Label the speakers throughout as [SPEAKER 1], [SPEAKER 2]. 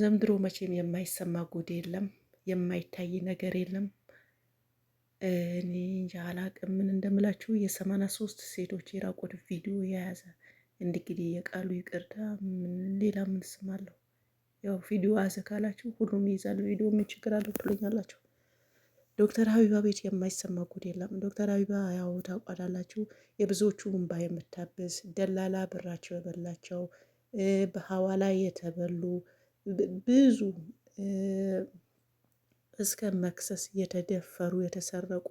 [SPEAKER 1] ዘንድሮ መቼም የማይሰማ ጉድ የለም፣ የማይታይ ነገር የለም። እኔ እንጃ አላቅም ምን እንደምላችሁ። የሰማና ሶስት ሴቶች የራቁት ቪዲዮ የያዘ እንግዲህ የቃሉ ይቅርታ ሌላ ምን ያው ቪዲዮ አዘ ካላችሁ ሁሉም ይይዛል። ቪዲዮ ምን ችግር አለው ትሉኛላችሁ። ዶክተር ሀቢባ ቤት የማይሰማ ጉድ የለም። ዶክተር ሀቢባ ያው ታቋዳላችሁ። የብዙዎቹ እንባ የምታብስ ደላላ ብራቸው የበላቸው በሀዋ ላይ የተበሉ ብዙ እስከ መክሰስ የተደፈሩ የተሰረቁ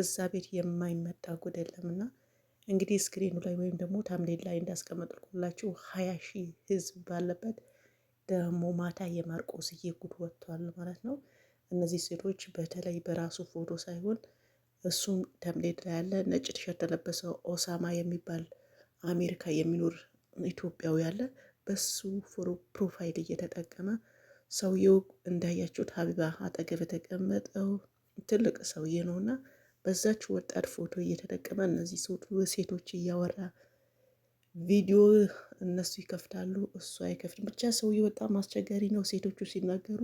[SPEAKER 1] እዛ ቤት የማይመጣ ጉድ የለምና እንግዲህ ስክሪኑ ላይ ወይም ደግሞ ታምሌል ላይ እንዳስቀመጥኩላችሁ ሀያ ሺህ ህዝብ ባለበት ደግሞ ማታ የማርቆስዬ ጉድ ወጥቷል ማለት ነው። እነዚህ ሴቶች በተለይ በራሱ ፎቶ ሳይሆን እሱም ተምሌድ ላይ ያለ ነጭ ቲሸርት የለበሰ ኦሳማ የሚባል አሜሪካ የሚኖር ኢትዮጵያዊ አለ። በሱ ፕሮፋይል እየተጠቀመ ሰውየው እንዳያችሁት ሀቢባ አጠገብ የተቀመጠው ትልቅ ሰውዬ ነው እና በዛች ወጣት ፎቶ እየተጠቀመ እነዚህ ሴቶች እያወራ ቪዲዮ እነሱ ይከፍታሉ፣ እሱ አይከፍትም። ብቻ ሰውዬው በጣም አስቸጋሪ ነው። ሴቶቹ ሲናገሩ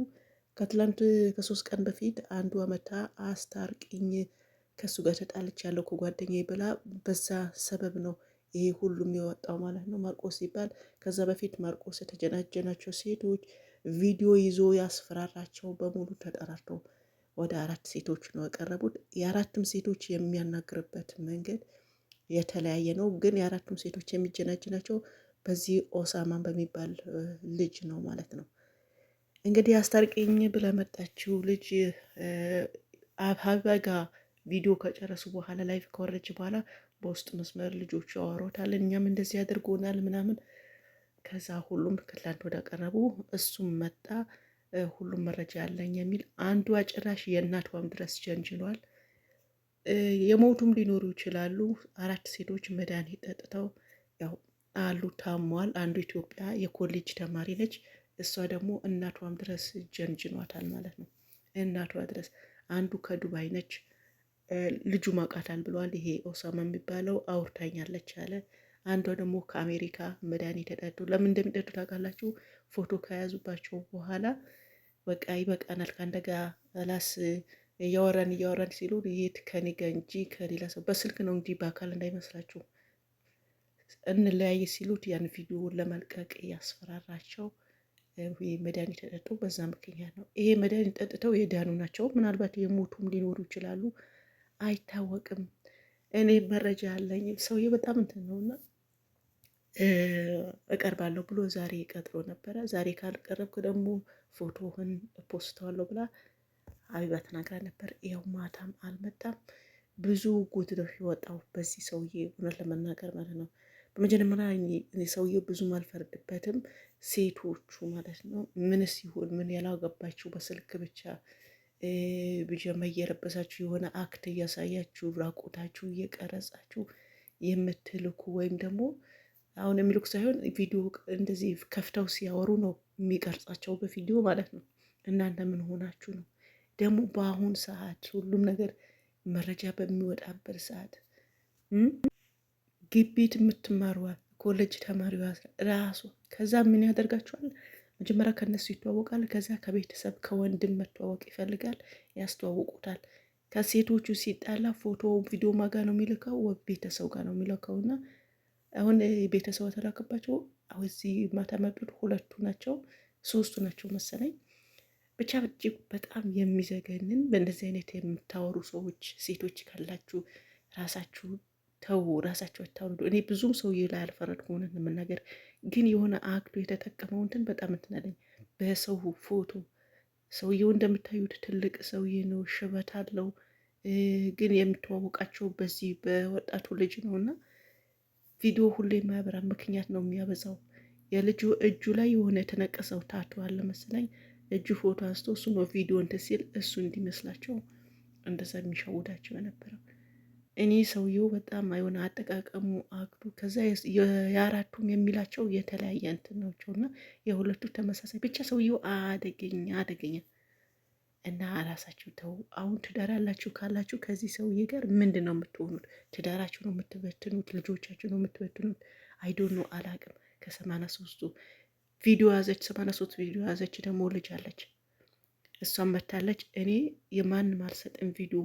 [SPEAKER 1] ከትላንት ከሶስት ቀን በፊት አንዷ መታ አስታርቅኝ ከእሱ ጋር ተጣልች ያለው ከጓደኛ ብላ በዛ ሰበብ ነው ይሄ ሁሉም የወጣው ማለት ነው ማርቆስ ሲባል። ከዛ በፊት ማርቆስ የተጀናጀናቸው ሴቶች ቪዲዮ ይዞ ያስፈራራቸው በሙሉ ተጠራርተው ወደ አራት ሴቶች ነው ያቀረቡት። የአራቱም ሴቶች የሚያናግርበት መንገድ የተለያየ ነው፣ ግን የአራቱም ሴቶች የሚጀናጅናቸው በዚህ ኦሳማን በሚባል ልጅ ነው ማለት ነው። እንግዲህ አስታርቂኝ ብላ መጣችው ልጅ ሀቢባ ጋ ቪዲዮ ከጨረሱ በኋላ ላይቭ ከወረች በኋላ በውስጥ መስመር ልጆቹ ያወሯታል እኛም እንደዚህ አድርጎናል ምናምን። ከዛ ሁሉም ከትላንት ወደ ቀረቡ እሱም መጣ ሁሉም መረጃ ያለኝ የሚል አንዷ ጭራሽ የእናቷም ድረስ ጀንጅሏል። የሞቱም ሊኖሩ ይችላሉ። አራት ሴቶች መድኃኒት ጠጥተው ያው አሉ ታሟል። አንዱ ኢትዮጵያ የኮሌጅ ተማሪ ነች። እሷ ደግሞ እናቷም ድረስ ጀንጅኗታል ማለት ነው። እናቷ ድረስ አንዱ ከዱባይ ነች። ልጁ ማውቃታል ብሏል። ይሄ ኦሳማ የሚባለው አውርታኛለች አለ። አንዷ ደግሞ ከአሜሪካ መድኃኒት ተጠጡ። ለምን እንደሚጠጡ ታውቃላችሁ? ፎቶ ከያዙባቸው በኋላ በቃ ይበቃናል፣ ከአንተ ጋር ላስ እያወራን እያወራን ሲሉ ይሄት ከኔ ጋር እንጂ ከሌላ ሰው በስልክ ነው እንጂ በአካል እንዳይመስላችሁ እንለያየ ሲሉት ያን ቪዲዮ ለመልቀቅ ያስፈራራቸው መድኃኒት ተጠጡ። በዛ ምክንያት ነው ይሄ መድኃኒት ጠጥተው የዳኑ ናቸው። ምናልባት የሞቱም ሊኖሩ ይችላሉ። አይታወቅም። እኔ መረጃ ያለኝም ሰውዬ በጣም እንትን ነውና እቀርባለሁ ብሎ ዛሬ ቀጥሮ ነበረ። ዛሬ ካልቀረብኩ ደግሞ ፎቶህን ፖስተዋለሁ ብላ አቢባ ተናግራ ነበር። ያው ማታም አልመጣም። ብዙ ጉድ ነው የወጣው በዚህ ሰውዬ እውነት ለመናገር ማለት ነው። በመጀመሪያ እኔ ሰውዬው ብዙም አልፈርድበትም። ሴቶቹ ማለት ነው ምንስ ይሁን ምን ያላገባቸው በስልክ ብቻ ብጀማ እየለበሳችሁ የሆነ አክት እያሳያችሁ ራቁታችሁ እየቀረጻችሁ የምትልኩ ወይም ደግሞ አሁን የሚልኩ ሳይሆን ቪዲዮ እንደዚህ ከፍተው ሲያወሩ ነው የሚቀርጻቸው በቪዲዮ ማለት ነው። እናንተ ምን ሆናችሁ ነው ደግሞ? በአሁን ሰዓት ሁሉም ነገር መረጃ በሚወጣበት ሰዓት ግቢት የምትማሯል ኮሌጅ ተማሪዋ ራሱ ከዛ ምን ያደርጋችኋል? መጀመሪያ ከነሱ ይተዋወቃል። ከዚያ ከቤተሰብ ከወንድም መተዋወቅ ይፈልጋል፣ ያስተዋውቁታል። ከሴቶቹ ሲጣላ ፎቶ ቪዲዮ ማጋ ነው የሚልከው፣ ቤተሰብ ጋር ነው የሚልከው። እና አሁን ቤተሰብ ተላከባቸው እዚህ ማታ ሁለቱ ናቸው ሶስቱ ናቸው መሰለኝ። ብቻ እጅግ በጣም የሚዘገንን በእንደዚህ አይነት የምታወሩ ሰዎች ሴቶች ካላችሁ ራሳችሁ ተው ራሳቸው ይታወዱ። እኔ ብዙም ሰውዬ ላይ አልፈረድኩም፣ እውነት ለመናገር ግን የሆነ አክሎ የተጠቀመው እንትን በጣም እንትን አለኝ። በሰው ፎቶ ሰውየው እንደምታዩት ትልቅ ሰውዬ ነው፣ ሽበት አለው። ግን የምትዋወቃቸው በዚህ በወጣቱ ልጅ ነው እና ቪዲዮ ሁሌ የማያበራ ምክንያት ነው የሚያበዛው። የልጁ እጁ ላይ የሆነ የተነቀሰው ታቶ አለ መሰለኝ። እጁ ፎቶ አንስቶ እሱ ነው ቪዲዮ እንትን ሲል እሱ እንዲመስላቸው እንደዛ የሚሸውዳቸው የነበረው እኔ ሰውየው በጣም አይሆነ አጠቃቀሙ አግዱ ከዛ የአራቱም የሚላቸው የተለያየ እንትን ናቸው እና የሁለቱ ተመሳሳይ ብቻ ሰውየው አደገኛ አደገኛ እና ራሳችሁ ተው። አሁን ትዳር ያላችሁ ካላችሁ ከዚህ ሰውዬ ጋር ምንድን ነው የምትሆኑት? ትዳራችሁ ነው የምትበትኑት? ልጆቻችሁ ነው የምትበትኑት? አይዶን ነው አላቅም። ከሰማንያ ሶስቱ ቪዲዮ ያዘች፣ ሰማንያ ሶስት ቪዲዮ ያዘች ደግሞ ልጅ አለች፣ እሷም መታለች። እኔ የማንም አልሰጥም ቪዲዮ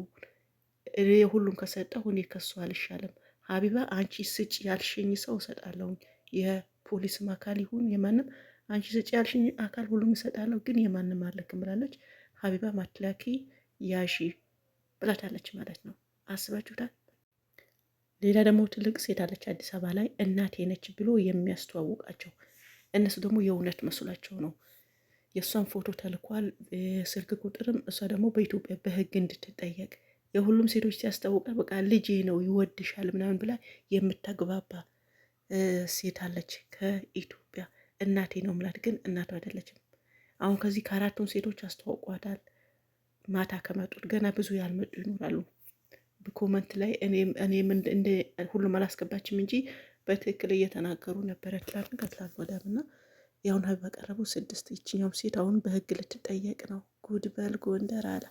[SPEAKER 1] ሁሉም ከሰጠ እኔ ከሱ አልሻለም። ሀቢባ አንቺ ስጭ ያልሽኝ ሰው እሰጣለሁኝ። የፖሊስም አካል ይሁን የማንም አንቺ ስጭ ያልሽኝ አካል ሁሉም እሰጣለሁ፣ ግን የማንም አለክም ብላለች ሀቢባ። ማትላኪ ያሺ ብላታለች ማለት ነው። አስባችሁታል? ሌላ ደግሞ ትልቅ ሴት አለች አዲስ አበባ ላይ እናቴ ነች ብሎ የሚያስተዋውቃቸው እነሱ ደግሞ የእውነት መስሏቸው ነው። የእሷን ፎቶ ተልኳል፣ ስልክ ቁጥርም እሷ ደግሞ በኢትዮጵያ በህግ እንድትጠየቅ የሁሉም ሴቶች ሲያስታውቀ በቃ ልጄ ነው ይወድሻል ምናምን ብላ የምታግባባ ሴት አለች ከኢትዮጵያ። እናቴ ነው ምላት፣ ግን እናቱ አይደለችም። አሁን ከዚህ ከአራቱን ሴቶች አስተዋውቋታል። ማታ ከመጡት ገና ብዙ ያልመጡ ይኖራሉ። ኮመንት ላይ እኔም እንደ ሁሉም አላስገባችም እንጂ በትክክል እየተናገሩ ነበረ። ትላንት ከትላንት ወዲያ እና ያሁን በቀረቡ ስድስት ይችኛውም ሴት አሁን በህግ ልትጠየቅ ነው። ጉድበል ጎንደር አላ